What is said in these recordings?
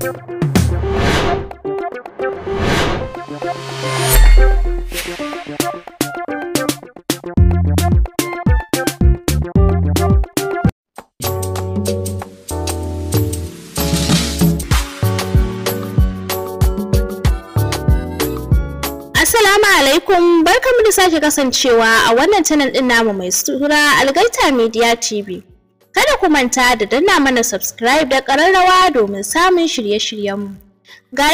Assalamu alaikum barkamu da sake kasancewa a wannan channel namu mai sura Algaita Media TV. kada ku manta da danna mana subscribe da ƙararrawa domin samun shirye-shiryenmu. Ga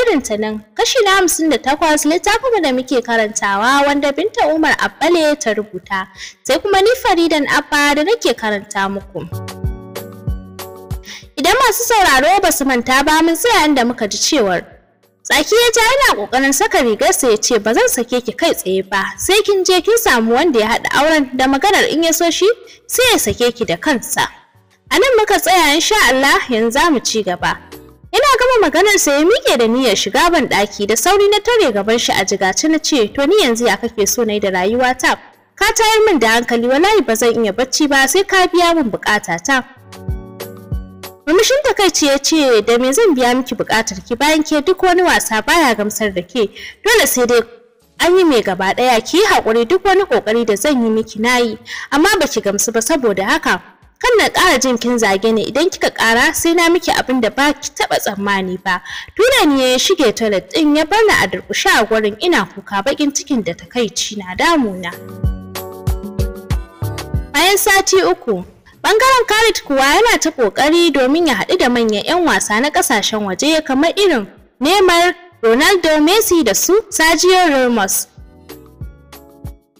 irin ta nan, kashi na hamsin da takwas littafinmu da muke karantawa wanda Binta Umar Abbale ta rubuta, sai kuma ni Faridan Abba da nake karanta muku. Idan masu sauraro ba su manta ba mun tsaya inda muka ji cewar Tsaki ya ja yana ƙoƙarin saka rigarsa ya ce ba zan sake ki kai tsaye ba sai kin je kin samu wanda ya haɗa auren da maganar in ya so shi sai ya sake ki da kansa. A nan muka tsaya sha Allah yanzu za mu ci gaba. Ina gama maganar sa ya miƙe da niyyar shiga ban ɗaki da sauri na tare gaban shi a jigace na ce to ni yanzu ya kake so na yi da rayuwa ta. Ka tayar min da hankali wallahi ba zan iya bacci ba sai ka biya min buƙata ta. Murmushin takaici ya ce da me zan biya miki buƙatar ki bayan ke duk wani wasa baya gamsar da ke dole sai dai an yi mai gaba ɗaya ki yi haƙuri duk wani ƙoƙari da zan yi miki nayi amma ba ki gamsu ba saboda haka kan na ƙara jin kin zage ne idan kika ƙara sai na miki abin da ba ki taɓa tsammani ba tura ni ya shige toilet ɗin ya bar ni a durƙushe a gurin ina kuka baƙin cikin da takaici na damuna bayan sati uku Bangaren Khalid kuwa yana ta ƙoƙari domin ya haɗu da manyan 'yan wasa na ƙasashen waje kamar irin Neymar, Ronaldo, Messi da su Sergio Ramos.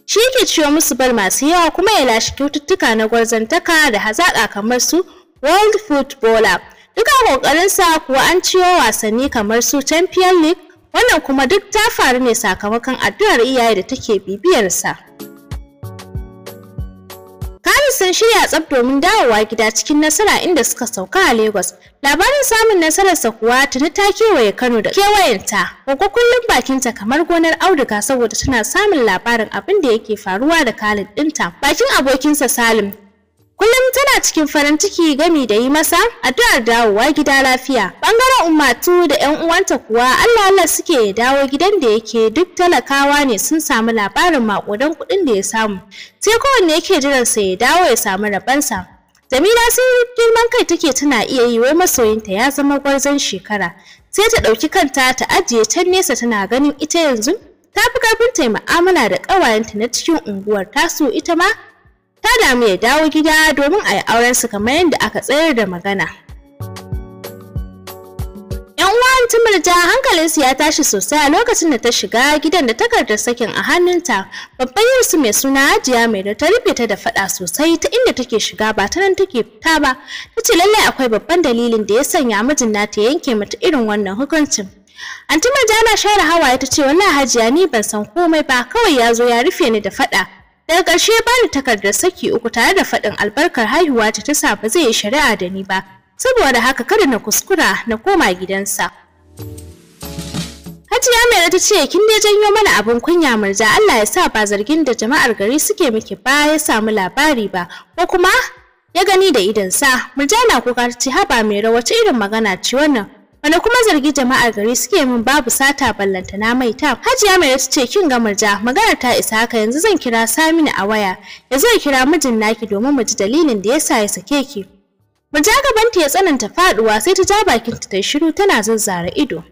Shi ke ciyo musu bar masu yawa kuma ya lashe kyaututtuka na gwarzantaka da hazaƙa kamar su World Footballer. Duka ƙoƙarinsa kuwa an ciyo wasanni kamar su Champions League, wannan kuma duk ta faru ne sakamakon addu'ar iyaye da take bibiyarsa. sun shirya tsab domin dawowa gida cikin nasara inda suka sauka a Lagos. Labarin samun nasarar sa kuwa tuni ta kewaye Kano da kewayenta. Gwagwa kullum bakinta kamar gonar auduga saboda tana samun labarin abin da yake faruwa da kalin ɗinta. Bakin abokinsa Salim Kullum tana cikin farin ciki gami da yi masa addu'ar dawowa gida lafiya. Bangaren ummatu da 'yan uwanta kuwa Allah Allah suke dawo gidan da yake duk talakawa ne sun samu labarin makudan kuɗin da ya samu. Sai kowanne yake jiran sa ya dawo ya samu rabansa. Jamila sun girman kai take tana iya yi wai masoyinta ya zama gwarzon shekara. Sai ta ɗauki kanta ta ajiye can nesa tana ganin ita yanzu ta fi karfin ta yi mu'amala da ƙawayenta na cikin unguwar tasu ita ma ta damu ya dawo gida domin a yi aurensu kamar yadda aka tsayar da magana. ‘Yan uwan Timurta hankalinsu ya tashi sosai a lokacin da ta shiga gidan da takardar sakin a hannunta babban yarsu mai suna Hajiya mai da ta rufe ta da faɗa sosai ta inda take shiga ba ta nan take fita ba ta ce lallai akwai babban dalilin da ya sanya mijin nata yanke mata irin wannan hukuncin. Anti jana na share hawaye ta ce wannan Hajiya ni ban san komai ba kawai ya zo ya rufe ni da faɗa daga ƙarshe ya bani takardar saki uku tare da faɗin albarkar haihuwa ta tasa ba zai yi shari'a da ni ba saboda haka kada na kuskura na koma gidansa Hajiya Amira ta ce kin dai janyo mana abin kunya murja Allah ya sa ba zargin da jama'ar gari suke miki ba ya samu labari ba ko kuma ya gani da idansa murja na kuka ta ce haba mai rawa irin magana ce wannan wanda kuma zargi jama'ar gari suke min babu sata ballanta na mai ta hajiya mai ta ce kin ga murja maganar ta isa haka yanzu zan kira saminu a waya ya zo kira mijin naki domin mu ji dalilin da yasa ya sake ki murja gabanta ya tsananta faduwa sai ta ja bakin ta shiru tana zazzara ido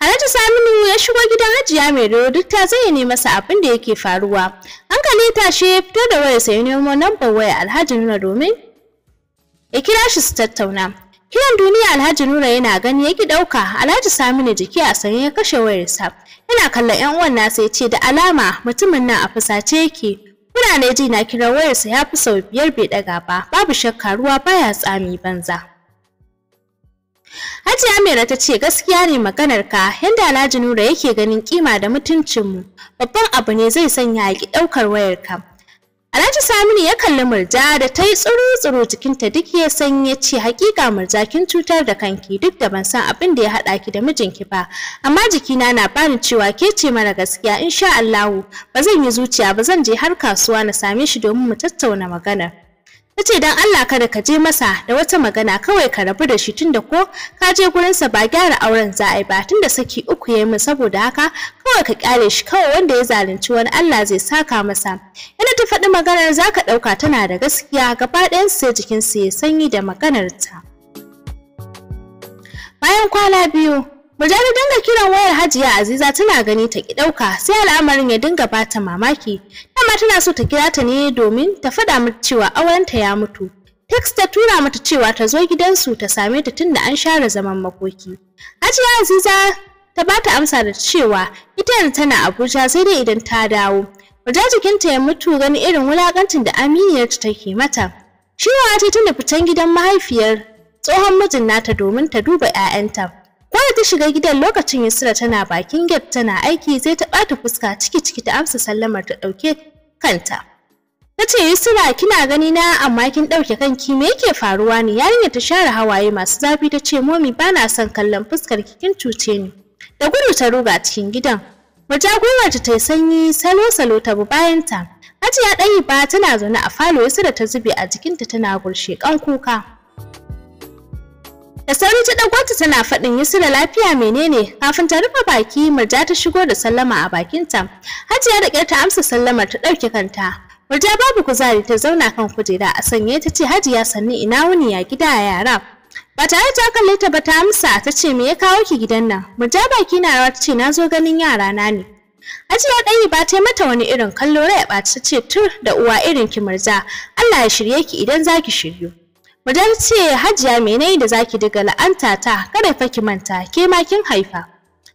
Alhaji Saminu ya shigo gidan Hajiya mai Mairo duk ta zai ne masa abin da yake faruwa. Hankali ta ya fito da waya, sai nemo lambar waya Alhaji Nuna domin ya kira shi su tattauna. Kiran duniya Alhaji Nura yana gani yake ɗauka. Alhaji Saminu jiki a sanye ya kashe wayarsa. Yana kallon 'yan uwan nasa ya ce da alama mutumin nan a fusace yake. Kuna ne ji na kira wayarsa ya fi sau biyar bai ɗaga ba. Babu shakka ruwa baya tsami banza. Hajiya Amira ta ce gaskiya ne maganar ka Alhaji Nura yake ganin kima da mutuncinmu babban abu ne zai sanya ki daukar wayarka. Alhaji Saminu ya kalli murja da ta yi tsuru-tsuru jikinta duk ya san ya ce hakika murja kin cutar da kanki duk da ban san abin da ya haɗa ki da mijinki ba. Amma jikina na bani cewa ke ce mara gaskiya insha Allahu ba zan yi zuciya ba zan je har kasuwa na same shi domin mu tattauna maganar. Ta ce don Allah kada ka je masa da wata magana kawai ka rabu da shi tunda ko ka je gurinsa ba gyara auren za a yi ba tunda saki uku ya yi min saboda haka kawai ka kyale shi kawai wanda ya zalunci wani Allah zai saka masa yana ta faɗi maganar za ka ɗauka tana da gaskiya gaba ɗayan sai jikinsa ya sanyi da maganar ta bayan kwana biyu Murjani dinga kiran wayar Hajiya Aziza tana gani ta ki dauka sai al'amarin ya dinga bata mamaki. Amma tana so ta kira ta ne domin ta faɗa mata cewa aurenta ya mutu. Text ta tura mata cewa ta zo gidansu ta same ta tunda an share zaman makoki. Hajiya Aziza ta bata amsa da cewa ita yanzu tana Abuja sai dai idan ta dawo. majajikinta jikinta ya mutu gani irin wulakancin da aminiyar ta take mata. Shiwa ta tunda fitan gidan mahaifiyar tsohon mijin nata domin ta duba 'ya'yanta. Lara ta shiga gidan lokacin Yusra tana bakin gab tana aiki sai ta ɓata fuska ciki ciki ta amsa sallamar ta ɗauke kanta. Ta ce Yusra kina gani na amma kin ɗauke kanki me yake faruwa ne yarinya ta share hawaye masu zafi ta ce momi bana son kallon fuskar ki kin cuce ni. Da gudu ta ruga cikin gidan. Waje gwiwarta ta yi sanyi salo salo ta bi ta Hajiya ɗayi ba tana zaune a falo Yusra ta zube a jikinta tana gurshe kan kuka. Da sauri ta ɗago ta tana faɗin Yusra lafiya menene kafin ta rufe baki Murja ta shigo da sallama a bakinta. Hajiya da ƙyar ta amsa sallamar ta ɗauke kanta. Murja babu kuzari ta zauna kan kujera a sanye ta ce Hajiya sanni ina wuni ya gida yara. Ba tare ta kalle ta ba ta amsa ta ce me ya kawo ki gidan nan. Murja baki na rawa ta ce na zo ganin yara na ne. Hajiya ɗayi ba ta mata wani irin kallo rai ba ta ce tur da uwa irin ki Murja. Allah ya shirye ki idan zaki ki shiryu. Mujar ce hajiya menene da zaki diga la'anta ta kada fa ki manta ke ma kin haifa.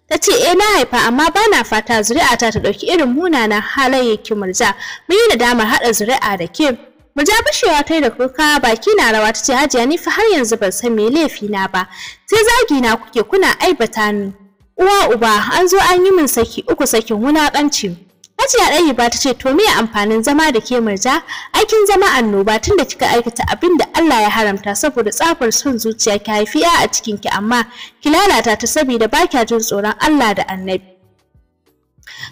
Ta ce eh na haifa amma ba na fata zuri'a ta ta ɗauki irin munanan ki murja mun yi damar haɗa zuri'a da ke. Murja bashewa ta da kuka baki na rawa ta ce hajiya ni fa har yanzu ban san me laifi na ba sai zagi na kuke kuna aibata ni. Uwa uba an zo an yi min saki uku sakin wulaƙanci. Hajiya ba ta ce to me amfanin zama da ke murja? Aikin zama annoba tun da kika aikata abin da Allah ya haramta saboda tsafar son zuciya ki haifi a cikin ki amma ki lalata ta saboda ba kya jin tsoron Allah da Annabi.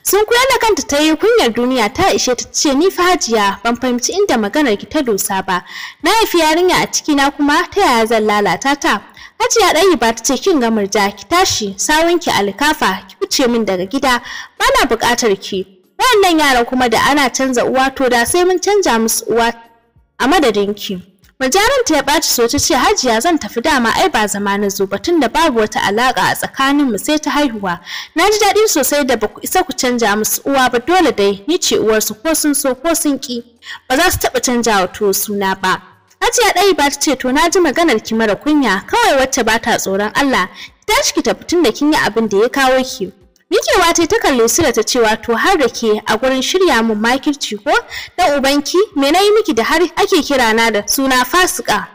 Sun kula da kanta ta yi kunyar duniya ta ishe ta ce ni fa hajiya ban fahimci inda maganar ki ta dosa ba. Na haifi yarinya a ciki na kuma ta yaya zan lalata ta? Hajiya ɗayi ba ta ce kin ga murja ki tashi sawun ki alkafa ki wuce min daga gida bana buƙatar ki. waɗannan yaran kuma da ana canza uwa to da sai mun canza musu uwa a madadin ki Majaranta ya ɓaci so ta ce Hajiya zan tafi dama ai ba zama na zo batun da babu wata alaƙa a tsakanin mu sai ta haihuwa. Na ji daɗi sosai da ku isa ku canja musu uwa ba dole dai ni ce uwarsu ko sun so ko sun ƙi. Ba za su taɓa canja wa to suna ba. Hajiya ɗai ba ta ce to na ji maganar ki mara kunya kawai wacce ba ta tsoron Allah. Ki tashi ki tafi tun da kin yi abin da ya kawo ki. Mikewa ta ta kalli da ta cewa to har da ke a gurin shirya mun makirci ko da ubanki me na yi miki da har ake kira na da suna fasika.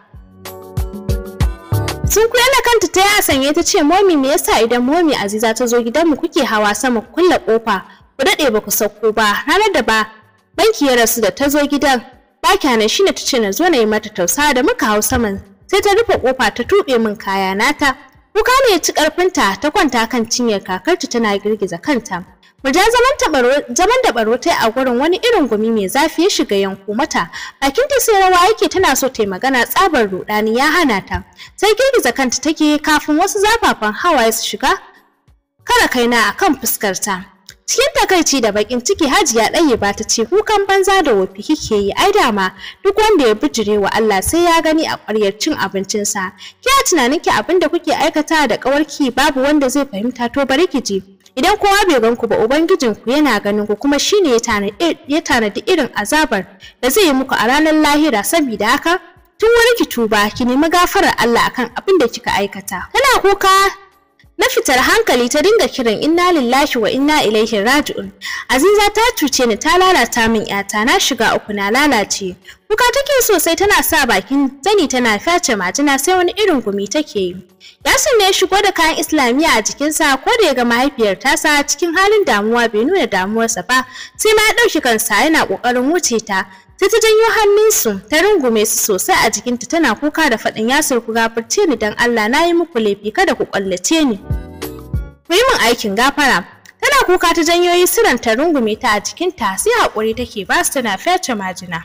Sun na kanta ta yi sanye ta ce momi me yasa idan momi Aziza ta zo mu kuke hawa sama kulle kofa ku dade ba ku sauko ba ranar da ba banki ya rasu da ta zo gidan ba kyanan shine ta ce na zo na yi mata tausa da muka hau saman sai ta rufe kofa ta tuɓe min kaya nata Kuka ne ya ci ƙarfinta ta kwanta kan cinyar kakarta tana girgiza kanta. Murja zaman da baro ta a gurin wani irin gumi mai zafi ya shiga yanku mata. bakin ta sai rawa yake tana so ta magana tsabar rudani ya hana ta. Sai girgiza kanta take kafin wasu zafafan hawaye su shiga. Kara kaina akan fuskarta. Cikin takaici da bakin ciki Hajiya ɗaye ba ta ce kukan banza da wofi kike yi ai dama duk wanda ya bijire wa Allah sai ya gani a ƙwaryar cin abincinsa. Ki a tunanin ki abin da kuke aikata da ƙawarki babu wanda zai fahimta to bari ki ji. Idan kowa bai gan ku ba ku yana ganin ku kuma shine ya tanadi irin azabar da zai yi muku a ranar lahira saboda haka tun wani ki tuba ki nemi gafarar Allah akan abin da kika aikata. Tana kuka Na fitar hankali ta dinga kiran inna lillahi wa inna ilaihi raji'un. Aziza ta cuce ni ta lalata min yata na shiga uku na lalace. Kuka take sosai tana sa bakin zani tana face majina sai wani irin gumi take yi. Yasin ne ya shigo da kayan Islamiyya a jikinsa ko da ya ga mahaifiyar sa cikin halin damuwa bai nuna damuwarsa ba sai ma ya ɗauki kansa yana ƙoƙarin wuce ta sai ta janyo hannunsu ta rungume su sosai a jikinta tana kuka da faɗin ya ku gafarce ni don Allah na yi muku laifi kada ku ƙwallace ni ku yi min aikin gafara tana kuka ta janyo siran ta rungume ta a jikinta sai haƙuri take ba su tana fece majina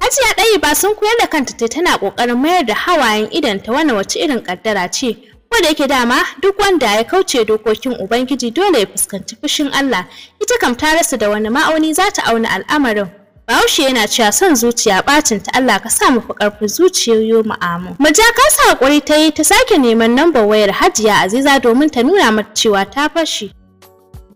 Hajiya ɗayi ba sun koyar da kanta ta tana ƙoƙarin mayar da hawayen idanta wani wace irin ƙaddara ce ko da yake dama duk wanda ya kauce dokokin ubangiji dole ya fuskanci fushin Allah ita kam ta rasa da wani ma'auni za ta auna al'amarin Bahaushe yana cewa son zuciya bacin ta Allah ka sa mu fi ƙarfin zuciyar mu amu. Murja ka sa hakuri ta yi ta sake neman namba wayar Hajiya Aziza domin ta nuna mata cewa ta fashi.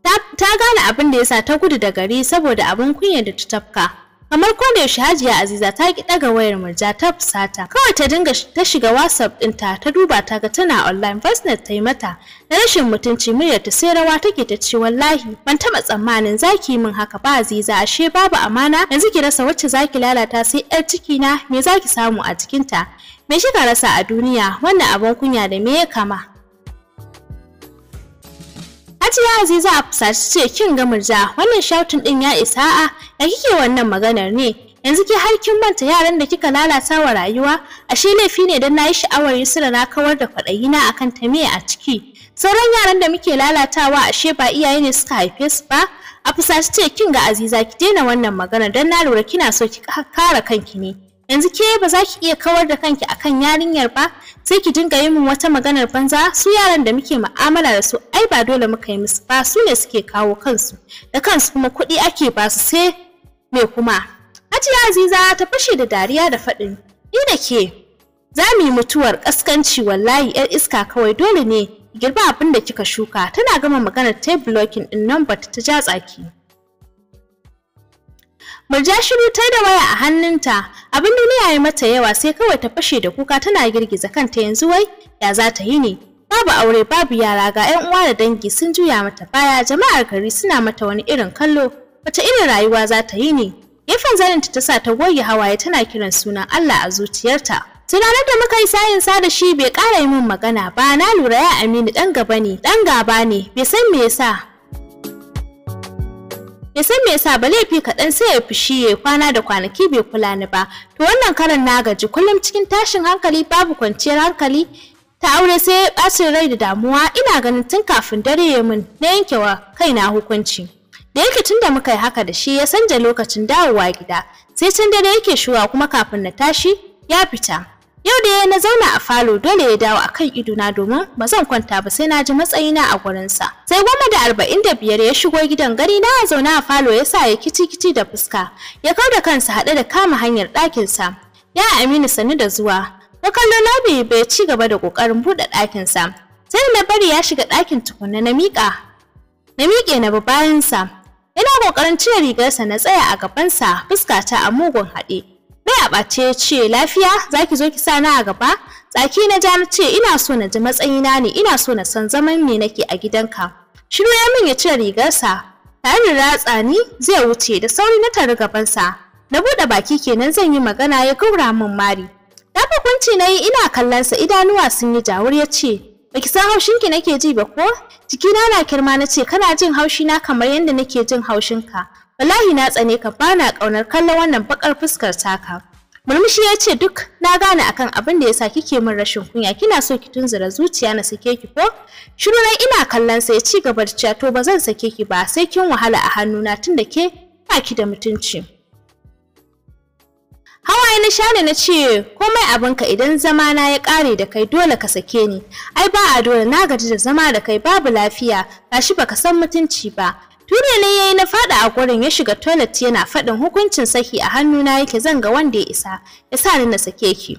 Ta gane abin da ya sa ta gudu da gari saboda abin kunya da ta tafka. kamar ko da Hajiya Aziza ta ki daga wayar murja ta fusata kawai ta dinga ta shiga WhatsApp ɗinta ta duba ta ga tana online bas ta yi mata da rashin mutunci muryar ta sai rawa take ta ce wallahi ban taba tsammanin zaki min haka ba Aziza ashe babu amana yanzu ki rasa wacce zaki lalata sai yar ciki na me zaki samu a cikinta me kika rasa a duniya wannan abin kunya da me ya kama Hajiya Aziza a fusace ce kin ga murja wannan shautin din ya isa a ya kike wannan maganar ne yanzu ke har kin manta yaran da kika lalata wa rayuwa ashe laifi ne dan nayi sha'awar Yusra na kawar da na akan ta me a ciki sauran yaran da muke lalatawa ashe ba iyaye ne suka haife su ba a fusace ce kin ga Aziza ki daina wannan magana dan na lura kina so ki kare kanki ne yanzu ke ba za ki iya kawar da kanki akan yarinyar ba sai ki dinga yi min wata maganar banza su yaran da muke mu'amala da su ai ba dole muka yi musu ba su ne suke kawo kansu da kansu kuma kuɗi ake ba su sai me kuma Hajiya Aziza ta fashe da dariya da faɗin ni da ke za mu yi mutuwar ƙaskanci wallahi yar iska kawai dole ne girba abin da kika shuka tana gama maganar ta blocking din number ta ja tsaki Murja shiru ta da waya a hannunta. Abin duniya ya mata yawa sai kawai ta fashe da kuka tana girgiza kanta yanzu wai ya za ta yi ne. Babu aure babu yara ga 'yan uwa da dangi sun juya mata baya jama'ar gari suna mata wani irin kallo. Wata irin rayuwa za ta yi ne. Gefen zanen ta sa ta goge hawaye tana kiran sunan Allah a zuciyarta. tunanar da muka yi sayin sa da shi bai ƙara yi min magana ba na lura ya Aminu ɗan gaba ne ɗan gaba ne bai san me yasa ya san me yasa ba laifi kaɗan sai ya fushi ya kwana da kwanaki bai kula ni ba to wannan karan na gaji kullum cikin tashin hankali babu kwanciyar hankali ta aure sai ya ɓacin rai da damuwa ina ganin tun kafin dare ya mun na yankewa wa kaina hukunci da yake tun da muka yi haka da shi ya sanja lokacin dawowa gida sai can dare yake shuwa kuma kafin na tashi ya fita Yau da ya na zauna a falo dole ya dawo akan idona domin ba zan kwanta ba sai na ji matsayina a gurinsa. Sai goma da arba'in da biyar ya shigo gidan gari na zauna a falo ya sa ya kici kici da fuska. Ya kau da kansa haɗe da kama hanyar ɗakinsa. Ya Aminu sani da zuwa. Na kallo Labi bai ci gaba da ƙoƙarin buɗe ɗakinsa. Sai na bari ya shiga ɗakin tukunna na miƙa. Na miƙe na bayan sa. Yana ƙoƙarin cire rigarsa na tsaya a gabansa fuskata a mugun haɗe. rai a ɓace ce lafiya za ki zo ki sa na a gaba tsaki na ja ce ina so na ji matsayina ne ina so na san zaman me nake a gidanka shiru ya min ya cire rigarsa tare da ratsa ni zai wuce da sauri na tare gabansa na buɗe baki kenan zan yi magana ya gaura min mari na hukunci na yi ina kallonsa idanuwa sun yi jawur ya ce baki san haushin ki nake ji ba ko jikina na kirma na ce kana jin haushina kamar yadda nake jin haushinka wallahi na tsane ka bana kaunar kallon wannan bakar fuskar taka. Murmushi ya ce duk na gane akan abin da yasa kike min rashin kunya kina so ki tunzura zuciya na sake ki ko? Shiru nan ina kallon sai ci gaba da cewa to ba zan sake ki ba sai kin wahala a hannuna tunda ke ba ki da mutunci. Hawaye na shane na ce komai abin ka idan zama na ya kare da kai dole ka sake ni. Ai ba a dole na gaji da zama da kai babu lafiya gashi baka san mutunci ba. Nuna ne yi na fada a gurin ya shiga toilet yana faɗin hukuncin saki a hannuna yake zanga wanda ya isa ya sa ni na sake ki.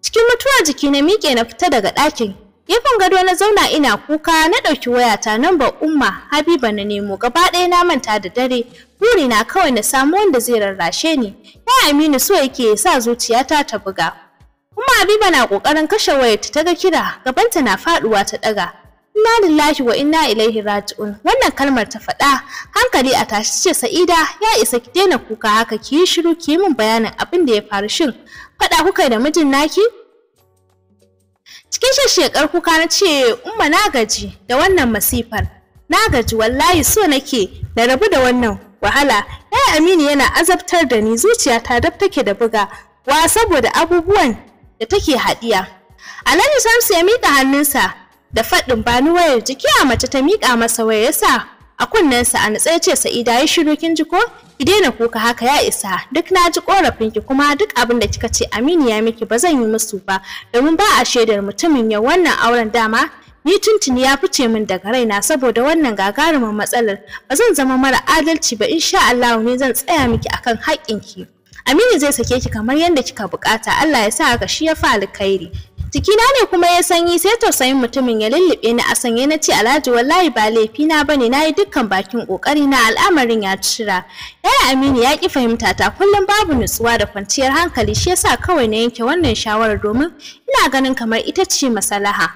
Cikin mutuwa jiki na miƙe na fita daga ɗakin. Gefen gado na zauna ina kuka na ɗauki wayata namba Umma Habiba na nemo gaba ɗaya na manta da dare. Buri na kawai na samu wanda zai rarrashe ni. Ya Aminu so yake sa zuciyata ta buga. Kuma Habiba na ƙoƙarin kashe wayarta ta ga kira gabanta na faɗuwa ta ɗaga. inna lillahi wa inna ilaihi raji'un wannan kalmar ta faɗa hankali a tashi ce sa'ida ya isa ki daina kuka haka ki yi shiru ki yi min bayanin abin da ya faru shin faɗa kuka da mijin naki cikin shekar kuka na ce umma na gaji da wannan masifar na gaji wallahi so nake na rabu da wannan wahala Yaya aminu yana azabtar da ni zuciya ta dab take da buga wa saboda abubuwan da take haɗiya alhaji samsu ya miƙa hannunsa da faɗin bani wayar jiki a mace ta miƙa masa wayar sa a kunnensa a natsa ce sa'ida ya shiru kin ji ko ki daina kuka haka ya isa duk na ji korafin ki kuma duk abin da kika ce aminu ya miki ba zan yi musu ba domin ba a shaidar mutumin ya wannan auren dama ni tuntuni ya fice min daga raina saboda wannan gagarumin matsalar ba zan zama mara adalci ba insha Allah ne zan tsaya miki akan haƙƙinki Aminu zai sake ki kamar yadda kika bukata Allah ya sa ka shi ya fa alkhairi jikina ne kuma ya sanyi sai tausayin mutumin ya lullube ni a sanye na ce alhaji wallahi ba laifi na bane nayi dukkan bakin kokari na al'amarin ya cira yaya aminu ya ki fahimta ta kullum babu nutsuwa da kwanciyar hankali shi yasa kawai na yanke wannan shawarar domin ina ganin kamar ita ce masalaha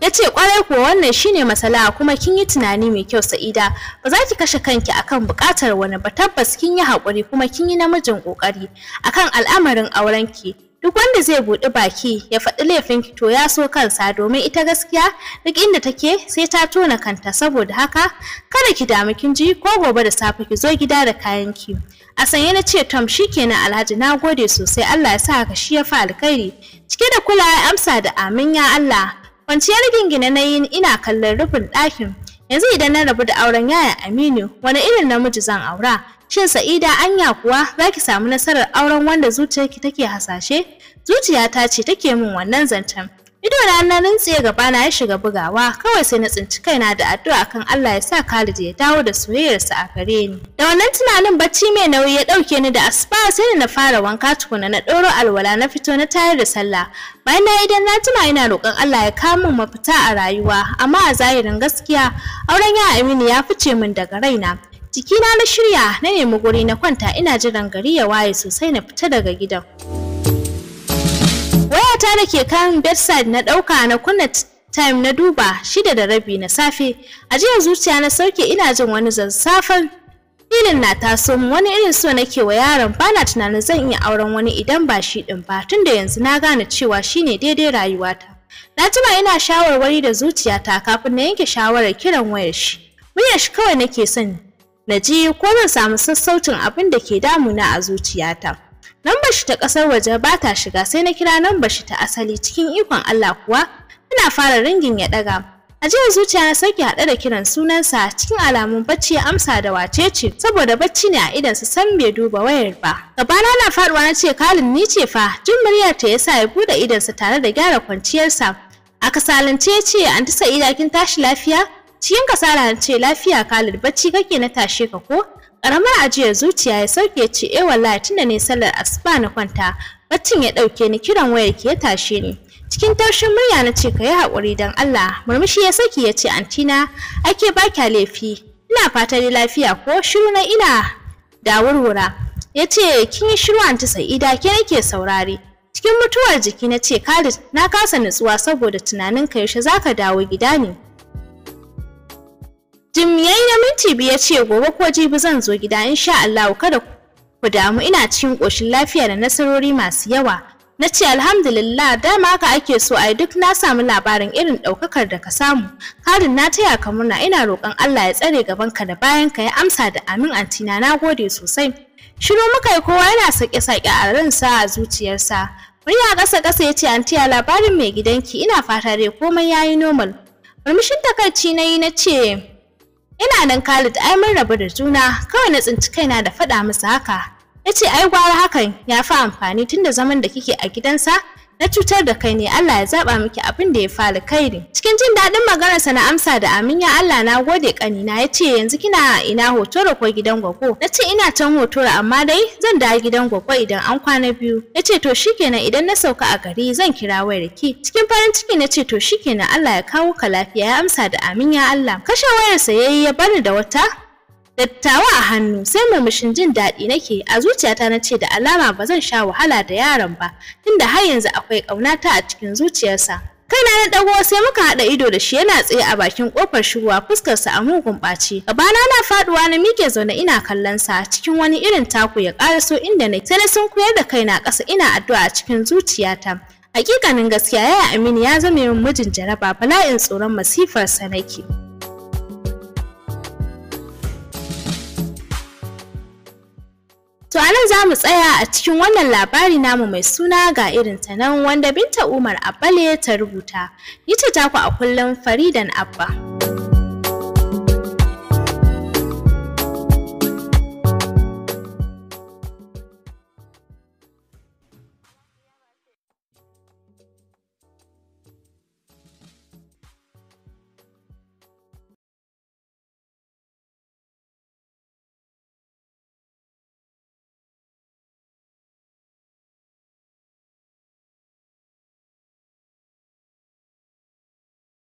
ya ce kwarai kuwa wannan shine masalaha kuma kin yi tunani mai kyau sa'ida ba za ki kashe kanki akan bukatar wani ba tabbas kin yi haƙuri kuma kin yi namijin ƙoƙari akan al'amarin aurenki duk wanda zai buɗi baki ya faɗi laifin to ya so kansa domin ita gaskiya duk inda take sai ta tona kanta saboda haka kada ki damu kin ji ko gobe da safe ki zo gida da kayan ki a sanye na ce tom shikenan alhaji na gode sosai allah ya sa ka shi ya fa alkhairi cike da kula ya amsa da amin ya allah kwanciyar gingina na yi ina kallon rufin ɗakin yanzu idan na rabu da auren yaya Aminu wani irin namiji zan aura shin Sa'ida anya kuwa za ki samu nasarar auren wanda zuciyarki take hasashe zuciyata ce take min wannan zancen Ido na nan tsaye gaba na ya shiga bugawa kawai sai na tsinci kaina da addu'a kan Allah ya sa Khalid ya dawo da soyayyarsa a gare ni. Da wannan tunanin bacci mai nauyi ya dauke ni da asuba sai na fara wanka tukuna na ɗoro alwala na fito na tayar da sallah. Bayan na idan na tuna ina roƙon Allah ya kawo min mafita a rayuwa amma a zahirin gaskiya auren ya Aminu ya fice min daga raina. Jikina na shirya na nemi guri na kwanta ina jiran gari ya waye sosai na fita daga gidan. jakata da ke kan bedside na ɗauka na kunna time na duba shida da rabi na safe a jiya zuciya na sauke ina jin wani zazzafan filin na taso wani irin so nake wa yaron bana tunanin zan iya auren wani idan ba shi din ba tunda yanzu na gane cewa shine daidai rayuwata na jima ina shawarwari da zuciyata kafin na yanke shawarar kiran wayar shi muryar shi kawai nake son na ji ko zan samu sassaucin abin da ke damuna a zuciyata Namba shi ta ƙasar waje ba ta shiga sai na kira namba shi ta asali cikin ikon Allah kuwa Ina fara ringin ya ɗaga. A jiya zuciya na sauke haɗe da kiran sunansa cikin alamun bacci ya amsa da wace ce saboda bacci ne a idan su san bai duba wayar ba. Gabana na faɗuwa na ce kalin ni ce fa jin muryar ta yasa ya buɗe idansa tare da gyara kwanciyarsa. A kasalance ya ce ta sa kin tashi lafiya? Cikin kasala lafiya Khalid bacci kake na tashe ka ko? karamar ajiyar zuciya ya sauke ce eh wallahi tunda ne sallar asuba na kwanta baccin ya ɗauke ni kiran wayar ki ya tashe ni. Cikin taushin murya na ce ka yi haƙuri don Allah murmushi ya saki ya ce antina ake ba kya laifi ina fatan lafiya ko shiru na ina da wurwura. Ya ce kin yi shiru anti sa'ida ke nake saurare. Cikin mutuwar jiki na ce Khalid na kasa nutsuwa saboda tunanin ka yaushe zaka dawo gida ne. Jim ya yi minti biyar ce gobe ko jibi zan zo gida insha Allah kada ku damu ina cikin ƙoshin lafiya da nasarori masu yawa. Na ce alhamdulillah dama ka ake so ai duk na samu labarin irin ɗaukakar da ka samu. Karin na taya ka murna ina roƙon Allah ya tsare ka da bayan ka ya amsa da amin antina na gode sosai. Shiru muka yi kowa yana saƙe-saƙe a ransa a zuciyarsa. Murya ƙasa-ƙasa ya ce antiya labarin mai gidanki ina fata dai komai ya yi normal. Murmushin takaici na yi na ce ina nan Khalid ai mun rabu da juna kawai na tsinci kaina da faɗa masa haka yace ai gwara hakan ya fi amfani tunda zaman da kike a gidansa na cutar da kai ne Allah ya zaba miki abin da ya fara ne. cikin jin daɗin maganarsa na amsa da amin ya Allah na gode kanina ya ce yanzu kina ina hotoro ko gidan gwaggo na ce ina can hotoro amma dai zan dawo gidan gwaggo idan an kwana biyu ya ce to shikenan idan na sauka a gari zan kira wayar ki cikin farin ciki na ce to shikenan Allah ya kawo ka lafiya ya amsa da amin ya Allah kashe wayarsa yayi ya bani da wata dattawa a hannu sai murmushin jin daɗi nake a zuciyata na ce da alama ba zan sha wahala da yaron ba tunda har yanzu akwai ƙaunata a cikin zuciyarsa kaina na dago sai muka haɗa ido da shi yana tsaye a bakin ƙofar shigowa fuskarsa a mugun ɓaci gabana na faɗuwa na mike zaune ina kallon sa cikin wani irin taku ya ƙara ƙaraso inda na sai na sunkuyar da kaina ƙasa ina addu'a a cikin zuciyata hakikanin gaskiya yaya aminu ya zame min mijin jaraba bala'in tsoron masifarsa nake To a nan za mu tsaya a cikin wannan labari namu mai suna ga irin ta nan wanda Binta Umar Abbale ta rubuta. Ita ta ku a kullum Faridan Abba.